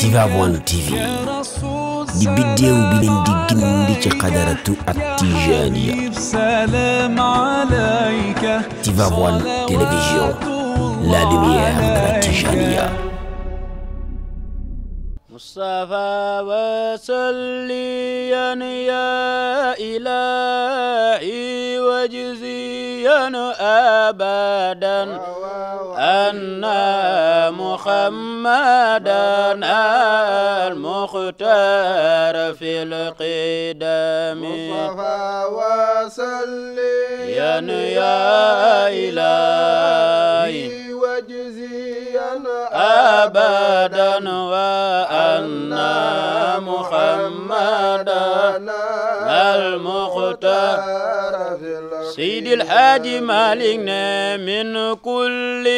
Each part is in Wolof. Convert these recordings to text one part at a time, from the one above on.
Tivaouane TV di biddéew bi leen di gindi ci xadaratu ak Tijaaniya Tivaouane télévision la lumière de la Tijaaniya Mustafa wa salliyan ya ilaa أبدا أن محمدا المختار في القدم مصطفى وسليا يا إلهي وجزيا أبدا وأن محمدا المختار في القدم سيد الحاج مالكنا من كل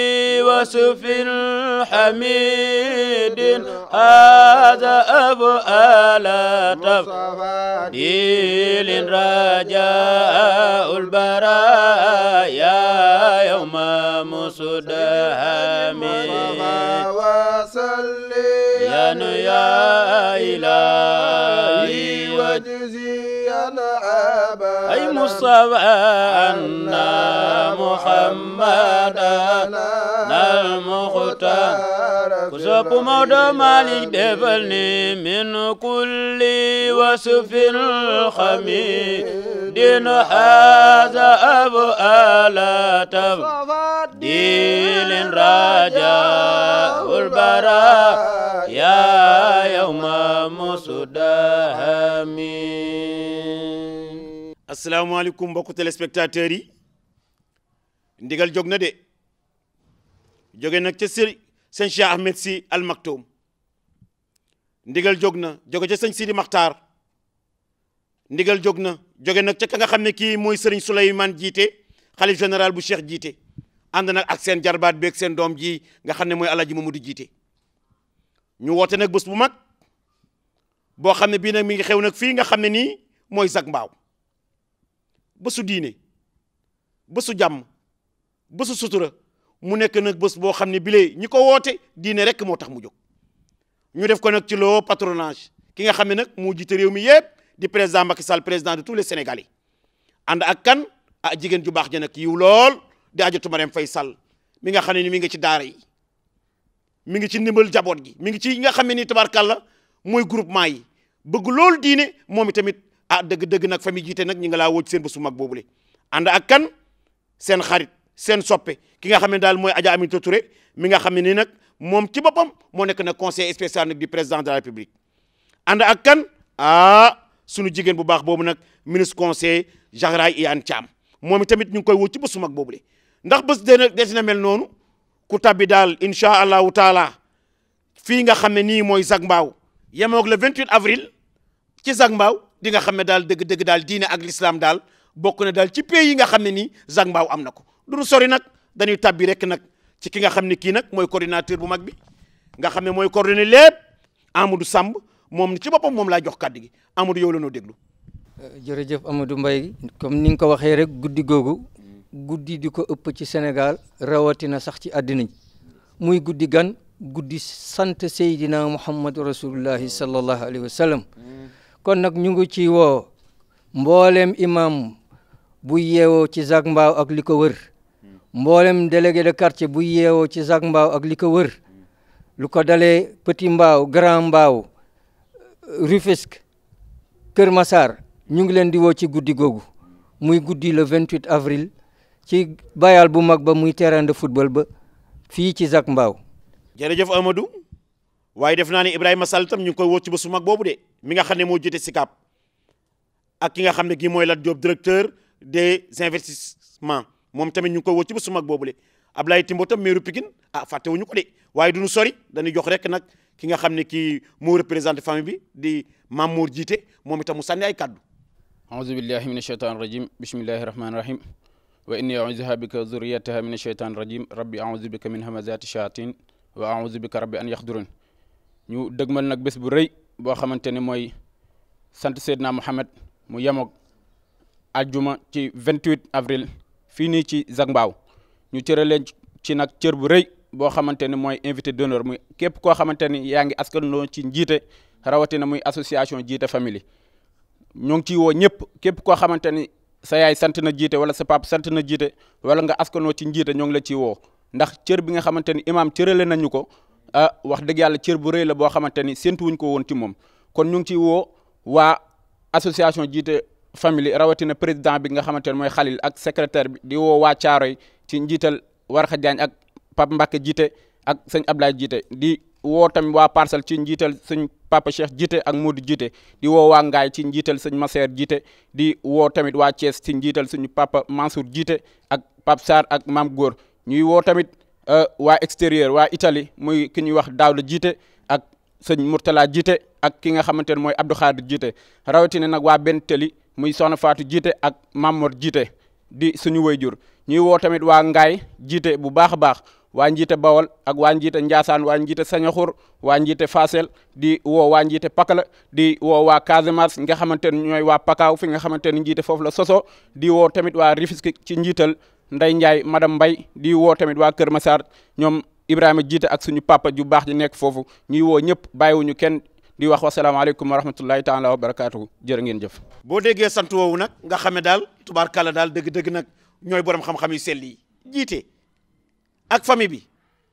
وصف حميد هذا أفعال تفضيل رجاء البرايا يوم مصدها من يا إلهي واجزي المصطفى أن محمدا المختار كسب مود مالك دفلني من كل وصف الخميد دين هذا أبو آلا تفضيل رجاء البراء يا يوم مسدهمين asalaamaaleykum mbokku téléspectateurs yi ndigal jóg na de jóge nag ca sëriñ sëñ Cheikh ndigal jóg na jóge ca sëñ Sidi Maxtaar ndigal jóg na jóge nag ca ka nga xam ne kii mooy sëriñ Souleymane jiite xalif général bu Cheikh jiite ànd nag ak seen jarbaat beeg seen doom ji nga xam ne mooy mu Mamadou jiite ñu woote nag bés bu mag boo xam ne bii nag mi ngi xew nag fii nga xam ne nii mooy Zac Mbao bësu diine bésu jàmm bësu sutura mu nekk nag bés boo xam ne bile ñi ko woote diine rek moo tax mu jóg ñu def ko nag ci loo patronage ki nga xam ne nag moo jiite réew mi yëpp di président Macky sal président de tous les Sénégalais ànd ak kan a jigéen ju baax ja nag yiw lool di ajatu fay sal mi nga xam ne ni mi nga ci daara yi mi ngi ci ndimbal jaboot gi mi ngi ci nga xam ne ni tabarkàlla mooy groupement yi bëgg loolu diine moom i tamit ah dëgg-dëgg nag fa mu jiite nag ñi nga laa wócc seen bésu mag boobule ànd ak kan seen xarit seen soppe ki nga xam ne daal mooy Adja Aminata Touré mi nga xam ne ni nag moom ci boppam moo nekk nag conseil spécial nag du président de la république ànd ak kan ah sunu jigéen bu baax boobu nag ministre conseil Zahra Iyane Thiam moom tamit ñu ngi koy wócc ci bésu mag boobule ndax bés dina des na mel noonu ku tabbi daal incha allahu taala fii nga xam ne nii mooy Zac Mbao yemoog le 28 avril ci Zac Mbao di nga xam ne daal dëgg-dëgg daal diine ak l'islam daal bokk na daal ci pays yi nga xam ne nii Zac Mbao am na ko du sori nag dañuy tàbbi rek nag ci ki nga xam ne kii nag mooy coordinateur bu mag bi nga xam ne mooy coordonné lépp Amadou Samb moom ci boppam moom laa jox kàddu gi Amadou yow la noo déglu. Euh, jërëjëf Amadou Mbaye comme ni nga ko waxee rek guddi googu guddi di ko ëpp ci Sénégal rawatina sax ci àddina muy guddi gan guddi sant Seydina Muhammad rasulullahi sallallahu alayhi wa sallam kon nag ñu ngi ci woo mboolem imam bu yeewoo ci Zac Mbao ak li ko wër mboolem délégué de quartier bu yeewoo ci Zac Mbao ak li ko wër lu ko dalee Petit Mbao Grand Mbao Rufisque Kër Massar ñu ngi leen di woo ci guddi googu muy guddi le 28 avril ci bayal bu mag ba muy terrain de football ba fii ci Zac Mbao jërëjëf Amadou waaye def naa ne Ibrahima Sall tam ñu ngi koy woo ci bésu boobu de mi nga xam ne moo jiite SICAP ak ki nga xam ne kii mooy la job directeur de des investissements moom tamit ñu ngi koy woo ci bésu mag boobu de Ablaye Timbo tam meeru Pikine ah fàttewuñu ko de waaye du ñu sori dañuy jox rek nag ki nga xam ne kii moo représenté famille bi di Mamour jiite moom itam mu sànni ay kaddu. auzu billahi min ashaytani rajim bismillahi rahmani rahim wa inni auzuha bika zurriyataha min ashaytani rajim rabbi auzu bika min hamazati shayatin wa ñu dëgmal nag bés bu rëy boo xamante ne mooy sant Seydina Mohamed mu yemoog juma ci 28 avril fii nii ci Zac Mbao ñu cëraleen ci nag cër bu rëy boo xamante ne mooy invité d'honneur muy képp koo xamante ni yaa ngi askanoo ci njiite rawatina muy association jiite famille ñoo ngi ciy woo ñëpp képp koo xamante ni sa yaay sant na jiite wala sa pap sant na jiite wala nga askanoo ci njiite ñoo ngi la ciy woo ndax cër bi nga xamante ni imaam cërale nañu ko a wax dëgg yàlla cër bu rëy la boo xamante ni séntuwuñ ko woon ci moom kon ñu ngi ciy woo waa association jiite famille rawatina président bi nga xamante ne mooy Khalil ak secretaire bi di woo waa Caaroy ci njiital Warxa Jaañ ak Pape Mbacke jiite ak sëñ Ablaye jiite di woo tamit waa parcelle ci njiital sëñ Papa Cheikh jiite ak Modou jiite di woo waa Ngaay ci njiital sëñ Maseer jiite di woo tamit waa Thiès ci njiital suñu Papa Mansour jiite ak Pape Sarr ak Maam Góor Euh, waa extérieur waa Italie muy ki ñuy wax Daawda Jiite ak sëñ Mourtala Jiite ak ki nga xamante ne mooy Abdou Khadir Jiite rawatina nag waa benn teli muy Soxna Faatu Jiite ak Mamor Jiite di suñu jur ñuy woo tamit waa Ngaay Jiite bu baax a baax waa Njiite Bawol ak waa Njiite Njaasaan waa Njiite Sañaxur waa Njiite Fasel di woo waa Njiite Pakala di woo waa Casamance nga xamante ne ñooy waa Pakaaw fi nga xamante ne Njiite foofu la soso di woo tamit waa Rufisque ci njiital nday Ndiaye madame Mbay di woo tamit waa Kër Massar ñoom Ibrahima jiite ak suñu papa ju baax ji nekk foofu ñuy woo ñëpp ñu kenn di wax wasalaamaaleykum wa rahmatullahi taala wa barakaatu jërë ngeen jëf. boo déggee sant woowu nag nga xame daal tubaarkàlla daal dëgg-dëgg nag ñooy borom xam-xam yu sell yi jiite ak famille bi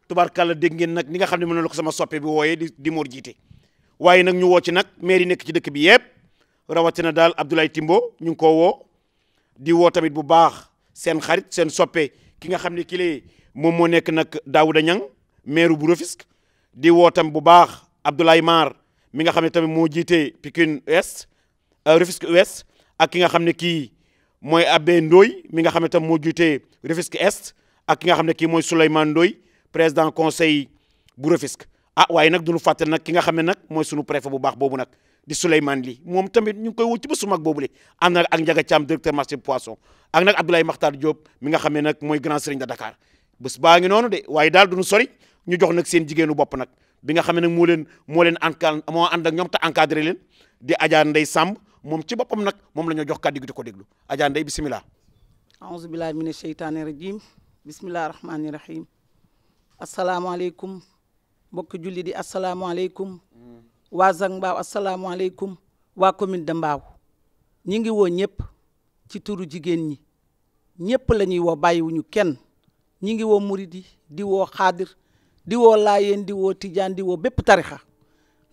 tubaarkàlla dégg ngeen nag ni nga xam ne mën na ko sama soppe bi wooyee di di Mor jiite waaye nag ñu woo ci nag maire yi nekk ci dëkk bi yëpp rawatina daal Abdoulaye Timbo ñu ngi ko woo di woo tamit bu baax seen xarit seen soppe ki nga xam ne ki lay moom moo nekk nag Daouda Niang maire bu Rufisque di wootam bu baax Abdoulaye Mar mi nga xam ne tamit moo jiite Pikine Ouest euh, Rufisque Ouest ak ki nga xam ne kii mooy Abbé Ndoy mi nga xam ne tam moo jiite Rufisque Est ak ki nga xam ne kii mooy Souleymane Ndoy président conseil bu Rufisque ah waaye nag du ñu fàtte nag ki nga xam ne nag mooy sunu préfet bu baax boobu nag di Souleymane Ly moom tamit ñu ngi koy wut ci bésu mag boobule am na ak Ndiaga Thiam directeur marché poisson ak nag Abdoulaye Makhtar Diop mi nga xam ne nag mooy grand serigne de Dakar bés baa ngi noonu de waaye daal duñu sori ñu jox nag seen jigéenu bopp nag bi nga xam ne nag moo leen moo leen encan moo ànd ak ñoom te encadré leen di Adja nday Samb moom ci boppam nag moom la ñu jox kàddu gi di ko déglu Adja Ndeye bisimilah aouzu billahi mina sheytaani rajim bisimillahi rahmaani rahim asalaamaaleykum mbokk julli di asalaamaaleykum mm. waa Zac Mbao asalaamualeykum waa commune de Mbao ñi ngi woo ñëpp ci turu jigéen ñi ñëpp la ñuy woo bàyyiwuñu kenn ñi ngi woo muri di di woo xaadir di woo laayeen di woo tijaan di woo bépp tarixa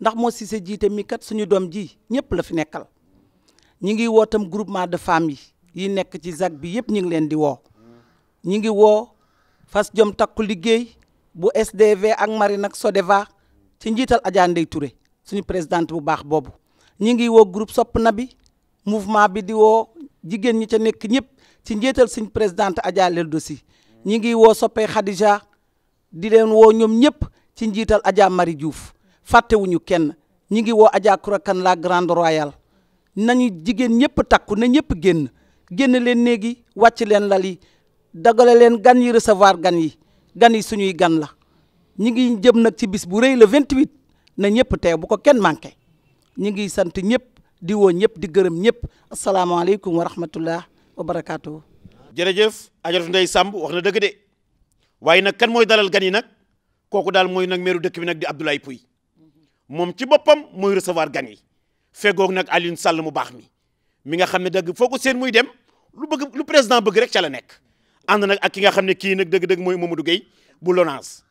ndax moo si sa jiite mi kat suñu doom ji ñëpp la fi nekkal ñi ngi woo tam groupement de femmes yi nekk ci Zac bi yëpp ñi ngi leen di woo ñi ngi woo fas jom takku liggéey bu SDV ak Marine ak Sodeva ci njiital Adja Ndeye Touré suñu présidente bu baax boobu ñi ngi woo groupe sopp na bi mouvement bi di woo jigéen ñi ca nekk ñëpp ci njeetal suñ présidente Adja Leldo Sy ñi ngi woo soppee Khadija di leen woo ñoom ñëpp ci njiital Adja Marie Diouf fàttewuñu kenn ñi ngi woo Adja Kourakan la grande royale nañu jigéen ñëpp takku na ñëpp génn génn leen néegi wàcc leen lal yi dagale leen gan yi recevoir gan yi gan yi suñuy gan la ñi ngi jëm nag ci bis bu rëy le 28 na ñëpp teew bu ko kenn manqué ñu ngi sant ñëpp di woo ñëpp di gërëm ñëpp asalaamaaleykum wa rahmatullah wa barakaatu. jërëjëf Adjaratou Ndeye Samb wax na dëgg de waaye nag kan mooy dalal gan yi nag kooku daal mooy nag meeru dëkk bi nag di Abdoulaye puy moom ci boppam mooy recevoir gan yi feggoog nag Alioune Sall mu baax mi mi nga xam ne dëgg foo seen muy dem lu bëgg lu président bëgg rek ca la nekk ànd nag ak ki nga xam ne kii nag dëgg-dëgg mooy Mamadou Gueye bu LONASE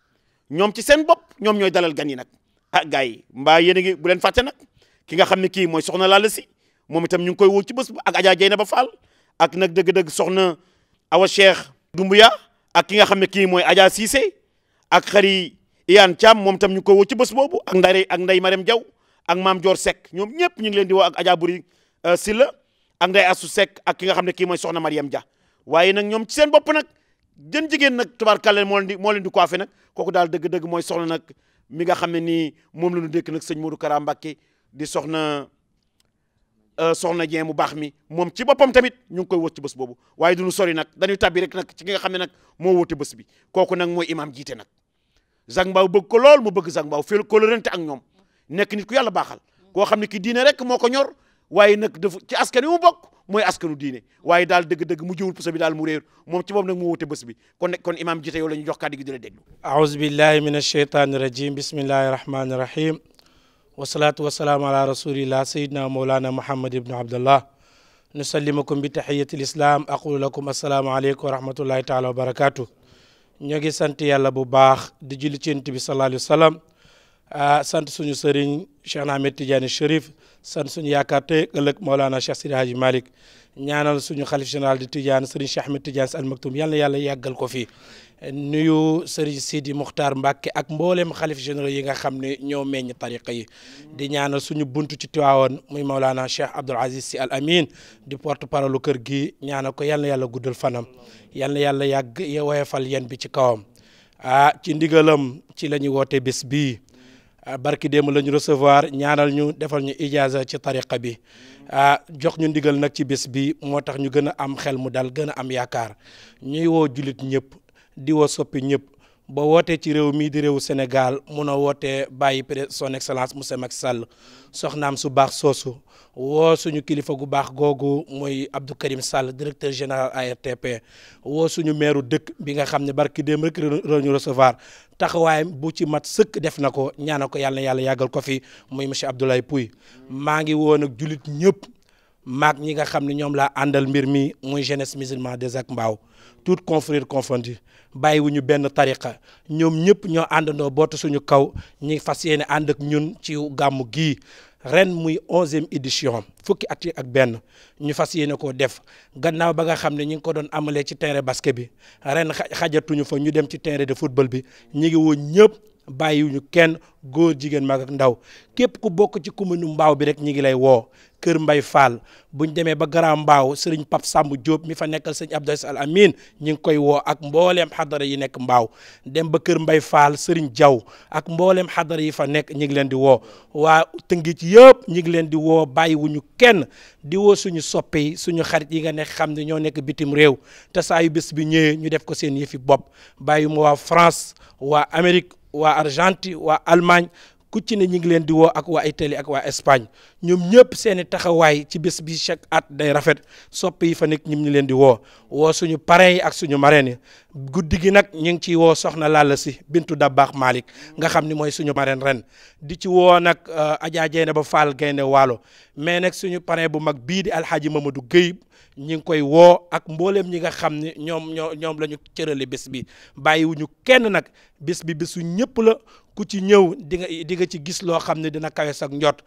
ñoom ci seen bopp ñoom ñooy dalal gan yi nag ah gars yi mbaa yéen a bu leen fàtte nag ki nga xam ne kii mooy soxna Lalla Si moom itam ñu ngi koy woo ci bés ba ak Adja ba faal ak nag dëgg-dëgg na Awa Cheikh Doumbouya ak ki nga xam ne kii mooy Adja Cissé ak xari Iyane Thiam moom tam ñu ngi koy woo ci bés boobu ak Ndare ak Ndeye Marème Diaw ak maam joor Seck ñoom ñëpp ñu ngi leen di woo ak Adja Buri euh, Silla ak Ndeye Assou Seck ak ki nga xam ne kii mooy soxna Mariam ja waaye nag ñoom ci seen bopp nag jën jigéen nag tubaarkàlla moo leen di moo leen di coiffé nag kooku daal dëgg-dëgg mooy soxna nag mi nga xam ne nii moom la ñu dékk nag sëñ Modou Kara Mbacké di soxna euh, soxna Dieng mu baax mi moom ci boppam tamit ñu ngi koy wóot ci bés boobu waaye du ñu sori nag dañuy tabbi rek nag ci ki nga xam ne nag moo wóote bés bi kooku nag mooy imaam jiite nag. Zac Mbao bëgg ko lool mu bëgg Zac Mbao fii ko lërante ak ñoom nekk nit ku yàlla baaxal koo xam ne ki diina rek moo ko ñor waaye nag dafa ci askan wi bokk. mooy askanu diine waaye daal dëgg-dëgg mu jëwul puso bi daal mu réer moom ci boobu nag moo wute bés bi kon kon imaam jite yow la ñu jox kàddu gi di la déglu aousubillahi min alsheytani irajim bismillahi rahmani rahim wasalaatu wasalaamu ala rasulillah sayidina mawlana muhammad ibnu abdallah nusallimakum bi tahiyati lislam aqulu lakum assalaamu taala wa barakatuh ñoo ngi sant yàlla bu baax di julli ci yonent bi sallallahu alayhi Ah, sant suñu sëriñ Cheikh Ahmed Tidiane Chérif sant suñu yaakaar tey ëllëg Maolana Cheikh Sidi Hadji Malick ñaanal suñu xalif général di Tidiane sëriñ Cheikh Ahmed Tidiane Sy Al Maktoum yàlla yàggal ko fii nuyu sëriñ Sidi Muxtaar Mbàkke ak mbooleem xalif général yi nga xam ne ñoo meññ tariqa yi di ñaanal suñu buntu ci Tiwaawoon muy Maolana Cheikh Abdoul Aziz Al Amin di porte parole kër gi ñaana ko yal na yàlla guddal fanam yal na yàlla yàgg woyofal yen bi ci kawam ah ci ndigalam ci la woote bés bii Ah, barki démb la ñu recevoir ñaanal ñu defal ñu ijaaza ci tariqa bi ah jox ñu ndigal nag ci bés bi moo tax ñu gën a am xel mu dal gën a am yaakaar ñuy woo jullit ñëpp di woo soppi ñëpp. ba wootee ci réew mii di réewu Sénégal mun a wootee bàyyi son excellence monsieur Macky Sall soxnaam su baax soosu woo suñu kilifa gu baax googu mooy Abdou Karim Sall directeur général ARTP woo suñu meeru dëkk bi nga xam ne barki démb rek ñu recevoir taxawaayam bu ci mat sëkk def na ko ñaana ko yàlla na yàlla yàggal ko fi muy monsieur Abdoulaye Pouy maa ngi woon ak julit ñëpp. maag ñi nga xam ne ñoom laa àndal mbir mi muy jeunesse musulman des ak mbaaw tout confrère confondu bàyyiwuñu benn tariqa ñoom ñëpp ñoo àndandoo bootu suñu kaw ñi fas yéene ànd ak ñun ci gàmmu gii ren muy onzième édition fukki at yi ak benn ñu fas yéene ko def gannaaw ba nga xam ne ñu ngi ko doon amalee ci terrain basket bi ren xajatuñu fa ñu dem ci terrain de football bi ñu ñëpp woon ñëpp bàyyiwuñu kenn góor jigéen mag ndaw képp ku bokk ci nu Mbao bi rek ñi ngi lay woo kër Mbay Fall buñ demee ba Grand Mbaaw sëriñ Pap Samb Diop mi fa nekkal sëriñ Abdou Aziz Al Amin ñi ngi koy woo ak mbooleem xadara yi nekk Mbaaw dem ba kër Mbay faal sëriñ Diaw ak mbooleem xadara yi fa nekk ñi ngi leen di woo waa Tëngéej yëpp ñi ngi leen di woo bàyyi wuñu kenn di woo suñu soppe suñu xarit yi nga nekk xam ne ñoo nekk bitim réew te saa yu bés bi ñëwee ñu def ko seen yëfi bopp bàyyi mu waa France waa Amérique waa Argentine waa Allemagne ku ci ne ñi ngi leen di woo ak waa Italie ak waa Espagne ñoom ñëpp seen i taxawaay ci bés bi chaque at day rafet soppi yi fa nekk ñim ñi leen di woo woo suñu parrains yi ak suñu marraines yi guddi gi nag ñu ngi ciy woo soxna Lalla si Bintu Dabbaax Malick nga xam ni mooy suñu marraine ren di ci woo nag euh, Adja Jeene ba Fall Gaynde Waalo mais nag suñu paree bu mag bii di Alxaaji Mamadou Guèye ñu ngi koy woo ak mbooleem ñi nga xam ne ñoom ñoo ñoom la ñu cërale bés bi bàyyiwuñu kenn nag bés bi bésu ñëpp la ku ci ñëw di nga di nga ci gis loo xam ne dina kawe sak njot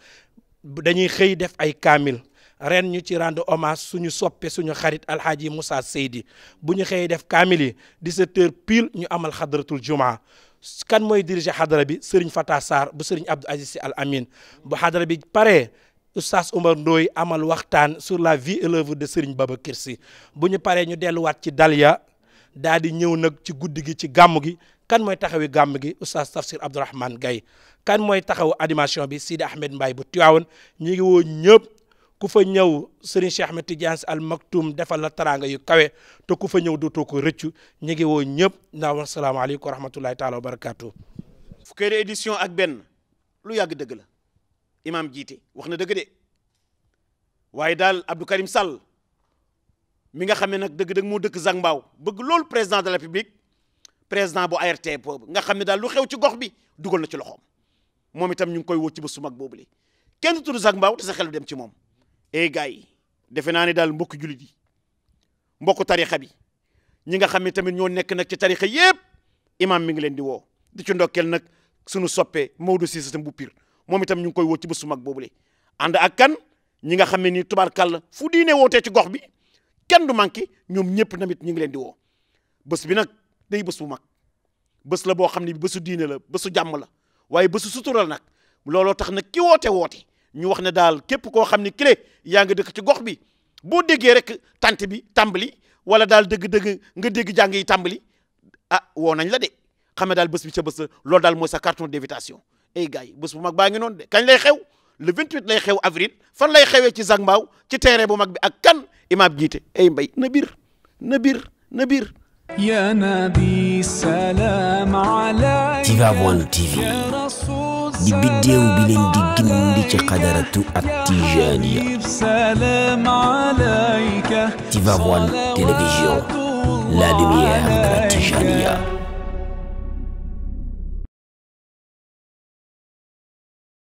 dañuy xëy def ay kaamil ren ñu ci rendre hommage suñu soppee suñu xarit alxaaji Moussa Seydi bu ñu xëyee def kaamil yi 17 heures pile ñu amal xadratul jumaa kan mooy diriger xadara bi Serigne Fata Sarr bu Serigne Abdou Aziz Sy Al Amin bu xadara bi paree oustaz Oumar Ndoye amal waxtaan sur la vie et l'œuvre de Serigne Babacar Sy bu ñu paree ñu delluwaat ci Dalia daa di ñëw nag ci guddi gi ci gàmm gi kan mooy taxawi gàmm gi oustaz Tafsir Abdourahmane gay kan mooy taxaw animation bi Sidi Ahmed Mbaye bu Tiwaawan ñu ngi woo ñëpp ku fa ñëw Serigne Cheikh Ahmed Tidiane Al Maktoum defal la taraanga yu kawe te ku fa ñëw dootoo ko rëccu ñu ngi woo ñëpp naaw asalaamaaleykum wa rahmatullahi taala wa barakaatu. fukkeeri édition ak benn lu yàgg dëgg la. imaam jiite wax na dëgg de waaye daal Abdou Karim sal mi nga xam ne nag dëgg-dëgg moo dëkk Zang Mbaaw bëgg loolu président de la République président bu ART boobu nga xam ne daal lu xew ci gox bi dugal na ci loxoom moom itam ñu ngi koy wócc ba su mag boobu li kenn tudd Zang Mbaaw te sa xel dem ci moom. eh gars yi defe naa ne daal mbokku jullit yi mbokku tarixa bi ñi nga xam ne tamit ñoo nekk nag ci tarixa yépp imaam mi ngi leen di woo di ci ndokkeel nag sunu soppe Maodo Cissé bu moom itam ñu ngi koy woo ci bés bu mag boobule ànd ak kan ñi nga xam ne nii tubaarkàlla fu diine wootee ci gox bi kenn du manqué ñoom ñëpp tamit ñu ngi leen di woo bés bi nag day bés bu mag bés la boo xam ne bésu diine la bésu jàmm la waaye bésu sutural nag looloo tax nag ki woote woote ñu wax ne daal képp koo xam ni kile yaa nga dëkk ci gox bi boo déggee rek tant bi tàmbali wala daal dëgg-dëgg nga dégg jàng yi tàmbali ah woo nañ la de xam ne daal bés bi ca bés loolu daal sa carton d'invitation ay gars yi bés bu mag baa ngi noonu de kañ lay xew le 28 lay xew avril fan lay xewee ci Zangmaaw ci terrain bu mag bi ak kan imaam jiite ay mbay na biir na biir na biir ya nabi salaam alayka TV di biddéew bi di gindi ci xadaratu ak tijaaniya Tivaouane télévision la lumière de tijaaniya